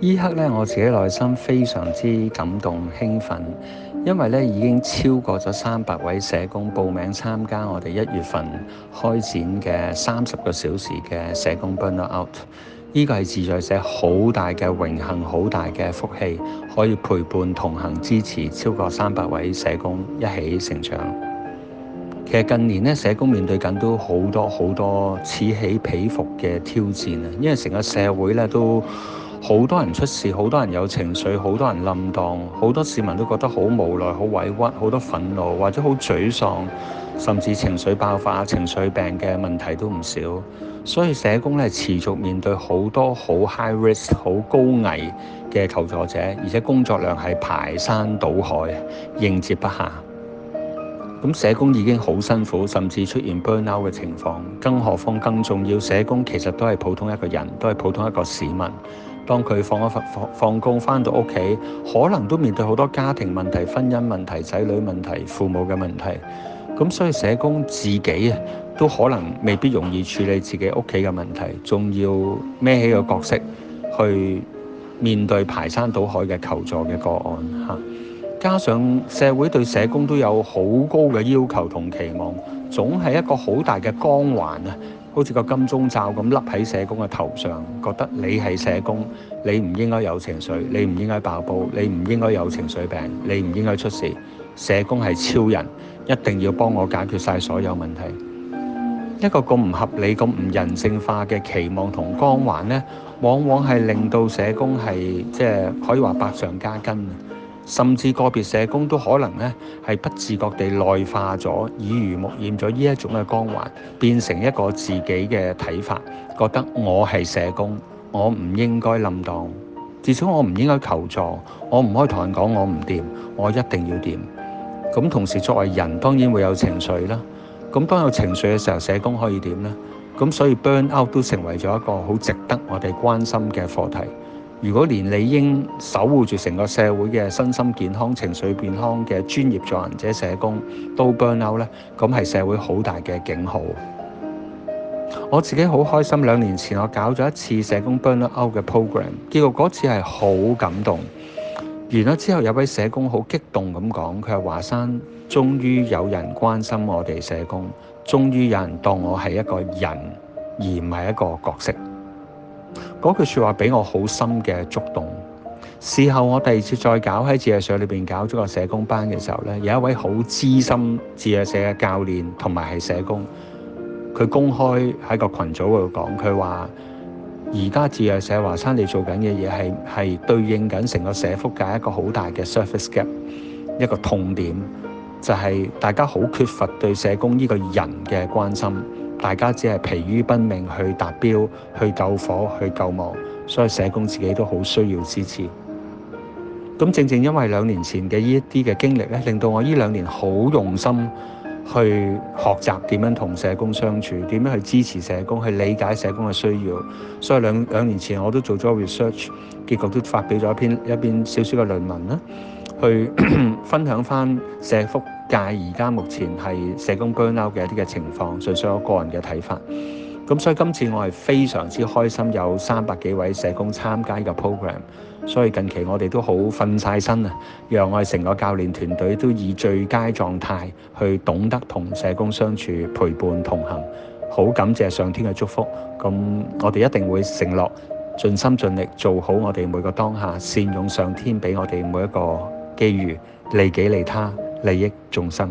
呢刻咧，我自己內心非常之感動興奮，因為咧已經超過咗三百位社工報名參加我哋一月份開展嘅三十個小時嘅社工 Burnout。呢個係自在社好大嘅榮幸，好大嘅福氣，可以陪伴同行支持超過三百位社工一起成長。其實近年咧，社工面對緊都好多好多此起彼伏嘅挑戰啊，因為成個社會咧都，好多人出事，好多人有情緒，好多人冧檔，好多市民都覺得好無奈、好委屈、好多憤怒或者好沮喪，甚至情緒爆發、情緒病嘅問題都唔少。所以社工咧持續面對好多好 high risk、好高危嘅求助者，而且工作量係排山倒海，應接不下。咁社工已經好辛苦，甚至出現 burnout 嘅情況。更何況更重要，社工其實都係普通一個人，都係普通一個市民。當佢放一放放工，翻到屋企，可能都面對好多家庭問題、婚姻問題、仔女問題、父母嘅問題。咁所以社工自己啊，都可能未必容易處理自己屋企嘅問題，仲要孭起個角色去面對排山倒海嘅求助嘅個案嚇。加上社會對社工都有好高嘅要求同期望，總係一個好大嘅光環啊！好似個金鐘罩咁笠喺社工嘅頭上，覺得你係社工，你唔應該有情緒，你唔應該爆煲，你唔應該有情緒病，你唔應該出事。社工係超人，一定要幫我解決晒所有問題。一個咁唔合理、咁唔人性化嘅期望同光環呢，往往係令到社工係，即係可以話百上加斤。甚至個別社工都可能咧係不自覺地內化咗，耳濡目染咗呢一種嘅光環，變成一個自己嘅睇法，覺得我係社工，我唔應該冧檔，至少我唔應該求助，我唔可以同人講我唔掂，我一定要掂。咁同時作為人當然會有情緒啦。咁當有情緒嘅時候，社工可以點呢？咁所以 burn out 都成為咗一個好值得我哋關心嘅課題。如果連理應守護住成個社會嘅身心健康、情緒健康嘅專業助人者社工都 burn out 呢，咁係社會好大嘅警號。我自己好開心，兩年前我搞咗一次社工 burn out 嘅 program，結果嗰次係好感動。完咗之後，有位社工好激動咁講，佢話：華山，終於有人關心我哋社工，終於有人當我係一個人，而唔係一個角色。嗰句説話俾我好深嘅觸動。事後我第二次再搞喺自在社裏邊搞咗個社工班嘅時候呢，有一位好資深自在社嘅教練同埋係社工，佢公開喺個群組度講，佢話：而家自在社華山你做緊嘅嘢係係對應緊成個社福界一個好大嘅 service gap，一個痛點就係、是、大家好缺乏對社工呢個人嘅關心。大家只係疲於奔命去達標、去救火、去救亡，所以社工自己都好需要支持。咁正正因為兩年前嘅呢一啲嘅經歷咧，令到我呢兩年好用心去學習點樣同社工相處，點樣去支持社工，去理解社工嘅需要。所以兩兩年前我都做咗 research，結果都發表咗一篇一篇小小嘅論文啦，去咳咳分享翻社福。但而家目前係社工 burn out 嘅一啲嘅情況，純粹我個人嘅睇法。咁所以今次我係非常之開心，有三百幾位社工參加呢個 program。所以近期我哋都好瞓晒身啊，讓我哋成個教練團隊都以最佳狀態去懂得同社工相處，陪伴同行。好感謝上天嘅祝福。咁我哋一定會承諾盡心盡力做好我哋每個當下，善用上天俾我哋每一個機遇，利己利他。利益眾生。